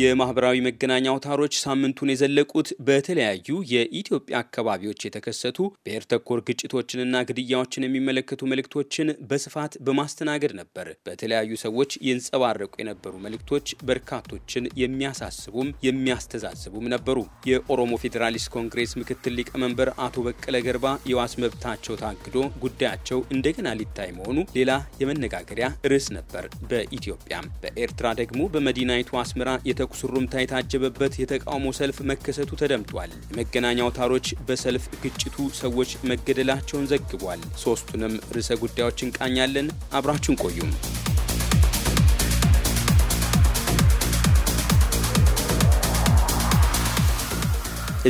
የማህበራዊ መገናኛ አውታሮች ሳምንቱን የዘለቁት በተለያዩ የኢትዮጵያ አካባቢዎች የተከሰቱ ብሔር ተኮር ግጭቶችንና ግድያዎችን የሚመለከቱ መልእክቶችን በስፋት በማስተናገድ ነበር። በተለያዩ ሰዎች ይንጸባረቁ የነበሩ መልእክቶች በርካቶችን የሚያሳስቡም የሚያስተዛዝቡም ነበሩ። የኦሮሞ ፌዴራሊስት ኮንግሬስ ምክትል ሊቀመንበር አቶ በቀለ ገርባ የዋስ መብታቸው ታግዶ ጉዳያቸው እንደገና ሊታይ መሆኑ ሌላ የመነጋገሪያ ርዕስ ነበር። በኢትዮጵያ በኤርትራ ደግሞ በመዲናይቱ አስመራ የተ የተኩስ ሩምታ የታጀበበት የተቃውሞ ሰልፍ መከሰቱ ተደምጧል። የመገናኛ አውታሮች በሰልፍ ግጭቱ ሰዎች መገደላቸውን ዘግቧል። ሶስቱንም ርዕሰ ጉዳዮች እንቃኛለን። አብራችን ቆዩም።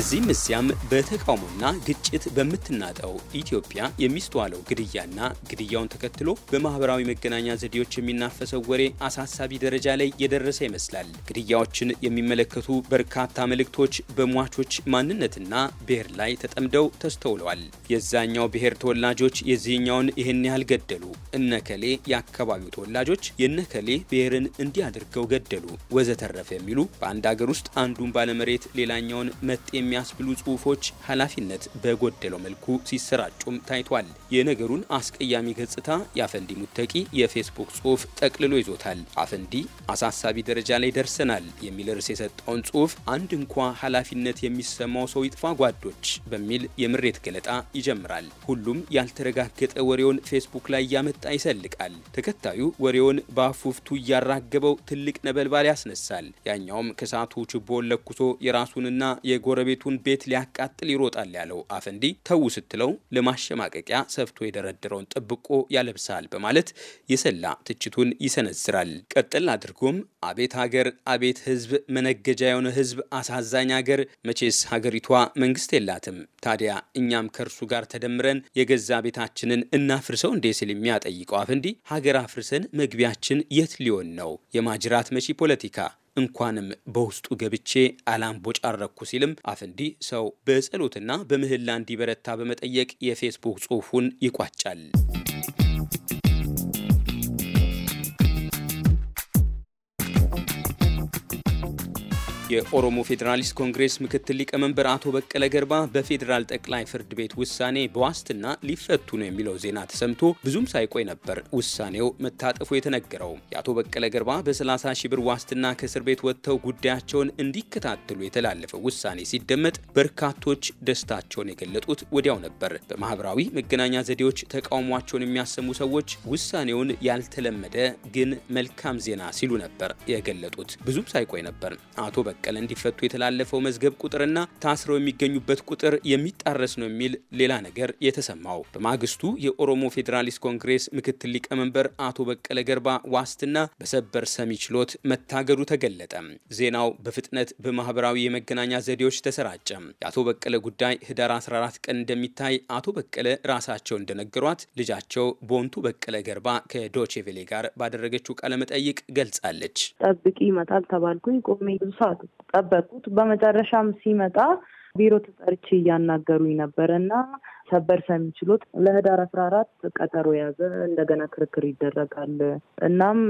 እዚህም እዚያም በተቃውሞና ግጭት በምትናጠው ኢትዮጵያ የሚስተዋለው ግድያና ግድያውን ተከትሎ በማህበራዊ መገናኛ ዘዴዎች የሚናፈሰው ወሬ አሳሳቢ ደረጃ ላይ የደረሰ ይመስላል። ግድያዎችን የሚመለከቱ በርካታ መልእክቶች በሟቾች ማንነትና ብሔር ላይ ተጠምደው ተስተውለዋል። የዛኛው ብሔር ተወላጆች የዚህኛውን ይህን ያህል ገደሉ፣ እነከሌ የአካባቢው ተወላጆች የነከሌ ብሔርን እንዲህ አድርገው ገደሉ፣ ወዘተረፈ የሚሉ በአንድ አገር ውስጥ አንዱን ባለመሬት ሌላኛውን መጤ የሚያስብሉ ጽሁፎች ኃላፊነት በጎደለው መልኩ ሲሰራጩም ታይቷል። የነገሩን አስቀያሚ ገጽታ የአፈንዲ ሙተቂ የፌስቡክ ጽሁፍ ጠቅልሎ ይዞታል። አፈንዲ አሳሳቢ ደረጃ ላይ ደርሰናል የሚል ርዕስ የሰጠውን ጽሁፍ አንድ እንኳ ኃላፊነት የሚሰማው ሰው ይጥፋ ጓዶች በሚል የምሬት ገለጣ ይጀምራል። ሁሉም ያልተረጋገጠ ወሬውን ፌስቡክ ላይ እያመጣ ይሰልቃል። ተከታዩ ወሬውን በአፉፍቱ እያራገበው ትልቅ ነበልባል ያስነሳል። ያኛውም ከሰዓቱ ችቦን ለኩሶ የራሱንና የጎረቤ ባለቤቱን ቤት ሊያቃጥል ይሮጣል ያለው አፈንዲ ተዉ ስትለው ለማሸማቀቂያ ሰፍቶ የደረደረውን ጥብቆ ያለብሳል በማለት የሰላ ትችቱን ይሰነዝራል። ቀጥል አድርጎም አቤት ሀገር፣ አቤት ህዝብ መነገጃ የሆነ ህዝብ አሳዛኝ ሀገር። መቼስ ሀገሪቷ መንግስት የላትም። ታዲያ እኛም ከእርሱ ጋር ተደምረን የገዛ ቤታችንን እናፍርሰው እንዴ ሲል የሚያጠይቀው አፈንዲ ሀገር አፍርሰን መግቢያችን የት ሊሆን ነው? የማጅራት መቺ ፖለቲካ እንኳንም በውስጡ ገብቼ አላምቦጫረኩ ሲልም አፍንዲ ሰው በጸሎትና በምህላ እንዲበረታ በመጠየቅ የፌስቡክ ጽሑፉን ይቋጫል። የኦሮሞ ፌዴራሊስት ኮንግሬስ ምክትል ሊቀመንበር አቶ በቀለ ገርባ በፌዴራል ጠቅላይ ፍርድ ቤት ውሳኔ በዋስትና ሊፈቱ ነው የሚለው ዜና ተሰምቶ ብዙም ሳይቆይ ነበር ውሳኔው መታጠፉ የተነገረው። የአቶ በቀለ ገርባ በ30 ሺህ ብር ዋስትና ከእስር ቤት ወጥተው ጉዳያቸውን እንዲከታተሉ የተላለፈው ውሳኔ ሲደመጥ በርካቶች ደስታቸውን የገለጡት ወዲያው ነበር። በማህበራዊ መገናኛ ዘዴዎች ተቃውሟቸውን የሚያሰሙ ሰዎች ውሳኔውን ያልተለመደ ግን መልካም ዜና ሲሉ ነበር የገለጡት። ብዙም ሳይቆይ ነበር አቶ በቀለ በቀለ እንዲፈቱ የተላለፈው መዝገብ ቁጥርና ታስረው የሚገኙበት ቁጥር የሚጣረስ ነው የሚል ሌላ ነገር የተሰማው በማግስቱ የኦሮሞ ፌዴራሊስት ኮንግሬስ ምክትል ሊቀመንበር አቶ በቀለ ገርባ ዋስትና በሰበር ሰሚ ችሎት መታገዱ ተገለጠ። ዜናው በፍጥነት በማህበራዊ የመገናኛ ዘዴዎች ተሰራጨ። የአቶ በቀለ ጉዳይ ህዳር 14 ቀን እንደሚታይ አቶ በቀለ ራሳቸው እንደነገሯት ልጃቸው ቦንቱ በቀለ ገርባ ከዶቼቬሌ ጋር ባደረገችው ቃለመጠይቅ ገልጻለች። ጠብቂ ይመጣል ተባልኩኝ። ቆሜ ብዙ ሰዓት ጠበቁት። በመጨረሻም ሲመጣ ቢሮ ተጠርቼ እያናገሩኝ ነበር እና ሰበር ሰሚ ችሎት ለህዳር አስራ አራት ቀጠሮ የያዘ እንደገና ክርክር ይደረጋል። እናም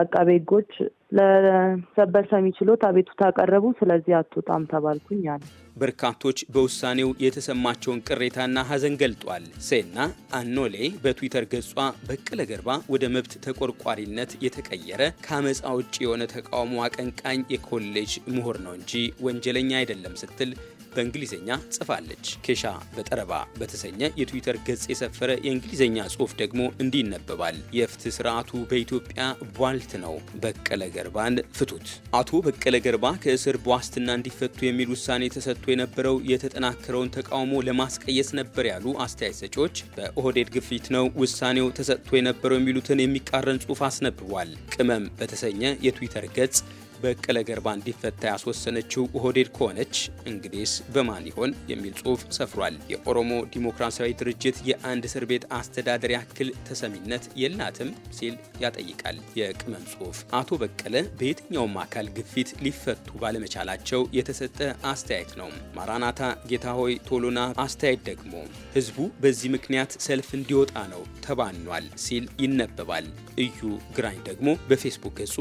አቃቤ ህጎች ለሰበር ሰሚ ችሎት አቤቱታ አቀረቡ። ስለዚህ አትወጣም ተባልኩኝ አለ። በርካቶች በውሳኔው የተሰማቸውን ቅሬታና ሀዘን ገልጧል። ሴና አኖሌ በትዊተር ገጿ በቀለ ገርባ ወደ መብት ተቆርቋሪነት የተቀየረ ከአመፃ ውጭ የሆነ ተቃውሞ አቀንቃኝ የኮሌጅ ምሁር ነው እንጂ ወንጀለኛ አይደለም ስትል በእንግሊዝኛ ጽፋለች። ኬሻ በጠረባ በተሰኘ የትዊተር ገጽ የሰፈረ የእንግሊዝኛ ጽሑፍ ደግሞ እንዲህ ይነበባል። የፍትህ ስርዓቱ በኢትዮጵያ ቧልት ነው። በቀለ ገርባን ፍቱት። አቶ በቀለ ገርባ ከእስር በዋስትና እንዲፈቱ የሚል ውሳኔ ተሰጥቶ የነበረው የተጠናከረውን ተቃውሞ ለማስቀየስ ነበር ያሉ አስተያየት ሰጪዎች በኦህዴድ ግፊት ነው ውሳኔው ተሰጥቶ የነበረው የሚሉትን የሚቃረን ጽሑፍ አስነብቧል። ቅመም በተሰኘ የትዊተር ገጽ በቀለ ገርባ እንዲፈታ ያስወሰነችው ኦህዴድ ከሆነች እንግዲስ በማን ይሆን የሚል ጽሑፍ ሰፍሯል። የኦሮሞ ዲሞክራሲያዊ ድርጅት የአንድ እስር ቤት አስተዳደር ያክል ተሰሚነት የላትም ሲል ያጠይቃል የቅመም ጽሑፍ። አቶ በቀለ በየትኛውም አካል ግፊት ሊፈቱ ባለመቻላቸው የተሰጠ አስተያየት ነው። ማራናታ ጌታሆይ ቶሎና አስተያየት ደግሞ ህዝቡ በዚህ ምክንያት ሰልፍ እንዲወጣ ነው ተባኗል ሲል ይነበባል። እዩ ግራኝ ደግሞ በፌስቡክ ገጹ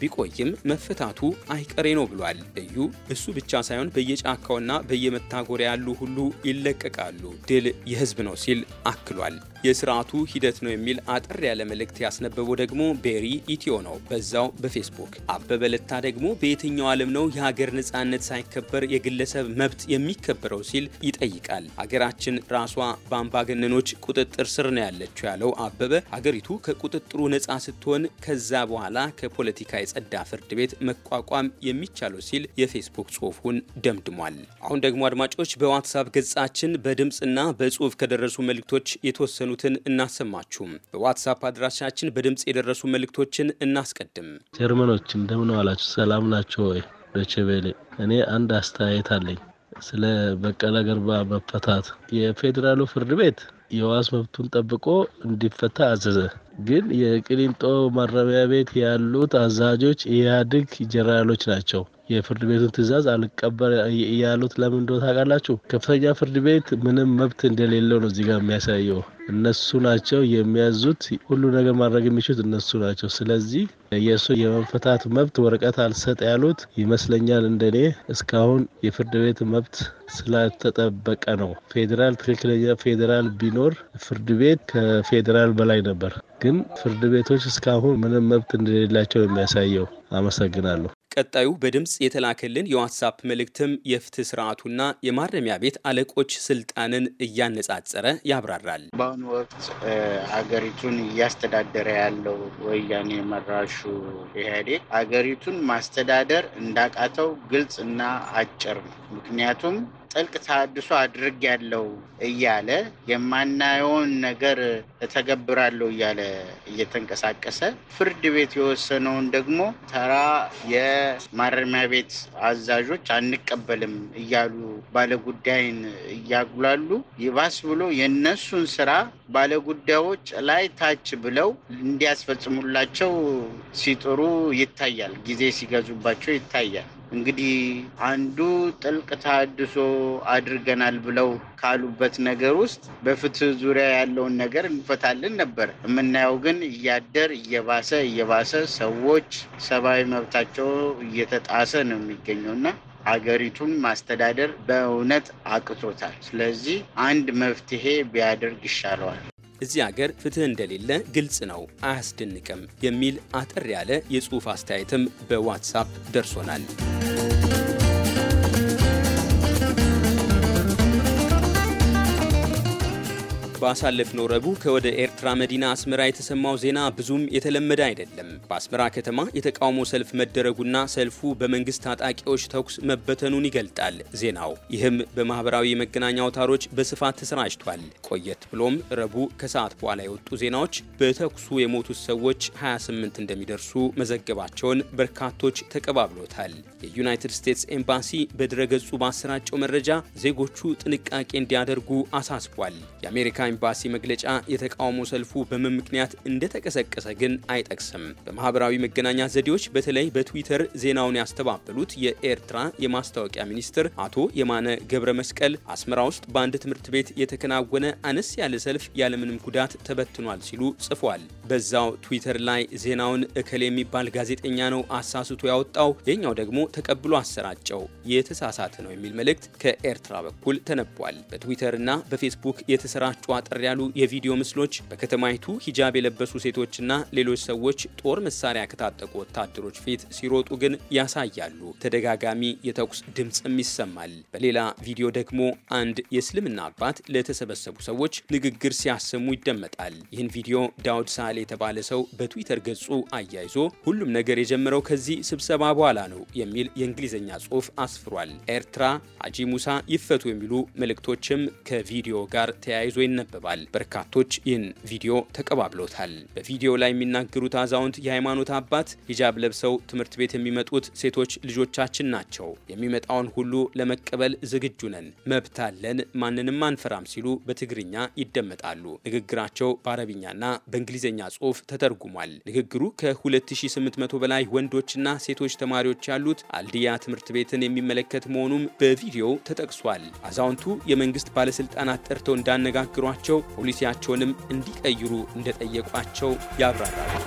ቢቆይም መፈታቱ አይቀሬ ነው ብሏል። እዩ እሱ ብቻ ሳይሆን በየጫካውና በየመታጎሪያ ያሉ ሁሉ ይለቀቃሉ። ድል የህዝብ ነው ሲል አክሏል። የስርዓቱ ሂደት ነው የሚል አጠር ያለ መልእክት ያስነበበው ደግሞ ቤሪ ኢትዮ ነው በዛው በፌስቡክ። አበበ ለታ ደግሞ በየትኛው ዓለም ነው የሀገር ነጻነት ሳይከበር የግለሰብ መብት የሚከበረው ሲል ይጠይቃል። ሀገራችን ራሷ በአምባገነኖች ቁጥጥር ስር ነው ያለችው ያለው አበበ ሀገሪቱ ከቁጥጥሩ ነጻ ስትሆን ከዛ በኋላ ከፖለቲካ የጸዳ ፍርድ ቤት መቋቋም የሚቻለው ሲል የፌስቡክ ጽሁፉን ደምድሟል። አሁን ደግሞ አድማጮች በዋትሳፕ ገጻችን በድምፅና በጽሁፍ ከደረሱ መልእክቶች የተወሰኑትን እናሰማችሁም። በዋትሳፕ አድራሻችን በድምፅ የደረሱ መልእክቶችን እናስቀድም። ጀርመኖች እንደምን ዋላችሁ? ሰላም ናቸው ወይ? ዶችቤሌ እኔ አንድ አስተያየት አለኝ ስለ በቀለ ገርባ መፈታት የፌዴራሉ ፍርድ ቤት የዋስ መብቱን ጠብቆ እንዲፈታ አዘዘ። ግን የቅሊንጦ ማረሚያ ቤት ያሉት አዛዦች ኢህአዴግ ጀነራሎች ናቸው። የፍርድ ቤቱን ትዕዛዝ አልቀበል ያሉት ለምን እንደሆነ ታውቃላችሁ? ከፍተኛ ፍርድ ቤት ምንም መብት እንደሌለው ነው እዚህ ጋር የሚያሳየው። እነሱ ናቸው የሚያዙት፣ ሁሉ ነገር ማድረግ የሚችሉት እነሱ ናቸው። ስለዚህ የእሱ የመፈታት መብት ወረቀት አልሰጥ ያሉት ይመስለኛል። እንደኔ እስካሁን የፍርድ ቤት መብት ስላልተጠበቀ ነው። ፌዴራል ትክክለኛ ፌዴራል ቢኖር ፍርድ ቤት ከፌዴራል በላይ ነበር። ግን ፍርድ ቤቶች እስካሁን ምንም መብት እንደሌላቸው የሚያሳየው። አመሰግናለሁ። ቀጣዩ በድምፅ የተላከልን የዋትሳፕ መልእክትም የፍትህ ስርዓቱና የማረሚያ ቤት አለቆች ስልጣንን እያነጻጸረ ያብራራል። በአሁኑ ወቅት ሀገሪቱን እያስተዳደረ ያለው ወያኔ መራሹ የመለሰችው ኢህአዴግ አገሪቱን ማስተዳደር እንዳቃተው ግልጽ እና አጭር ነው። ምክንያቱም ጥልቅ አድርግ ያለው እያለ የማናየውን ነገር እተገብራለሁ እያለ እየተንቀሳቀሰ ፍርድ ቤት የወሰነውን ደግሞ ተራ የማረሚያ ቤት አዛዦች አንቀበልም እያሉ ባለጉዳይን እያጉላሉ ይባስ ብሎ የነሱን ስራ ባለጉዳዮች ላይ ታች ብለው እንዲያስፈጽሙላቸው ሲጥሩ ይታያል። ጊዜ ሲገዙባቸው ይታያል። እንግዲህ አንዱ ጥልቅ ተሃድሶ አድርገናል ብለው ካሉበት ነገር ውስጥ በፍትህ ዙሪያ ያለውን ነገር እንፈታልን ነበር። የምናየው ግን እያደር እየባሰ እየባሰ ሰዎች ሰብአዊ መብታቸው እየተጣሰ ነው የሚገኘው እና ሀገሪቱን ማስተዳደር በእውነት አቅቶታል። ስለዚህ አንድ መፍትሄ ቢያደርግ ይሻለዋል። እዚህ አገር ፍትህ እንደሌለ ግልጽ ነው፣ አያስደንቅም የሚል አጠር ያለ የጽሑፍ አስተያየትም በዋትሳፕ ደርሶናል። ባሳለፍነው ረቡዕ ከወደ ኤርትራ በኤርትራ መዲና አስመራ የተሰማው ዜና ብዙም የተለመደ አይደለም። በአስመራ ከተማ የተቃውሞ ሰልፍ መደረጉና ሰልፉ በመንግስት ታጣቂዎች ተኩስ መበተኑን ይገልጣል ዜናው። ይህም በማህበራዊ የመገናኛ አውታሮች በስፋት ተሰራጭቷል። ቆየት ብሎም ረቡዕ ከሰዓት በኋላ የወጡ ዜናዎች በተኩሱ የሞቱት ሰዎች 28 እንደሚደርሱ መዘገባቸውን በርካቶች ተቀባብሎታል። የዩናይትድ ስቴትስ ኤምባሲ በድረገጹ ባሰራጨው መረጃ ዜጎቹ ጥንቃቄ እንዲያደርጉ አሳስቧል። የአሜሪካ ኤምባሲ መግለጫ የተቃውሞ ሰልፉ በምን ምክንያት እንደተቀሰቀሰ ግን አይጠቅስም። በማህበራዊ መገናኛ ዘዴዎች በተለይ በትዊተር ዜናውን ያስተባበሉት የኤርትራ የማስታወቂያ ሚኒስትር አቶ የማነ ገብረ መስቀል አስመራ ውስጥ በአንድ ትምህርት ቤት የተከናወነ አነስ ያለ ሰልፍ ያለምንም ጉዳት ተበትኗል ሲሉ ጽፏል። በዛው ትዊተር ላይ ዜናውን እከል የሚባል ጋዜጠኛ ነው አሳስቶ ያወጣው፣ የኛው ደግሞ ተቀብሎ አሰራጨው የተሳሳተ ነው የሚል መልእክት ከኤርትራ በኩል ተነቧል። በትዊተርና በፌስቡክ የተሰራጩ አጠር ያሉ የቪዲዮ ምስሎች በከተማይቱ ሂጃብ የለበሱ ሴቶችና ሌሎች ሰዎች ጦር መሳሪያ ከታጠቁ ወታደሮች ፊት ሲሮጡ ግን ያሳያሉ። ተደጋጋሚ የተኩስ ድምፅም ይሰማል። በሌላ ቪዲዮ ደግሞ አንድ የእስልምና አባት ለተሰበሰቡ ሰዎች ንግግር ሲያሰሙ ይደመጣል። ይህን ቪዲዮ ዳውድ ሳ ቃል የተባለ ሰው በትዊተር ገጹ አያይዞ ሁሉም ነገር የጀመረው ከዚህ ስብሰባ በኋላ ነው የሚል የእንግሊዝኛ ጽሑፍ አስፍሯል። ኤርትራ ሀጂ ሙሳ ይፈቱ የሚሉ መልእክቶችም ከቪዲዮ ጋር ተያይዞ ይነበባል። በርካቶች ይህን ቪዲዮ ተቀባብሎታል። በቪዲዮ ላይ የሚናገሩት አዛውንት የሃይማኖት አባት ሂጃብ ለብሰው ትምህርት ቤት የሚመጡት ሴቶች ልጆቻችን ናቸው። የሚመጣውን ሁሉ ለመቀበል ዝግጁ ነን፣ መብት አለን፣ ማንንም አንፈራም ሲሉ በትግርኛ ይደመጣሉ። ንግግራቸው በአረብኛና በእንግሊዝኛ ጽሑፍ ተተርጉሟል። ንግግሩ ከ2800 በላይ ወንዶችና ሴቶች ተማሪዎች ያሉት አልዲያ ትምህርት ቤትን የሚመለከት መሆኑም በቪዲዮው ተጠቅሷል። አዛውንቱ የመንግስት ባለስልጣናት ጠርተው እንዳነጋግሯቸው ፖሊሲያቸውንም እንዲቀይሩ እንደጠየቋቸው ያብራራል።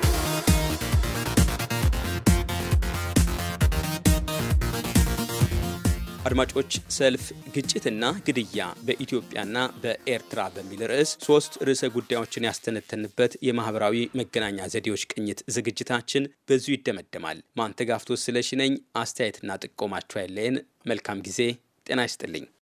አድማጮች ሰልፍ፣ ግጭትና ግድያ በኢትዮጵያና በኤርትራ በሚል ርዕስ ሶስት ርዕሰ ጉዳዮችን ያስተነተንበት የማህበራዊ መገናኛ ዘዴዎች ቅኝት ዝግጅታችን በዙ ይደመደማል። ማንተጋፍቶ ስለሽነኝ አስተያየትና ጥቆማቸው ያለየን መልካም ጊዜ። ጤና ይስጥልኝ።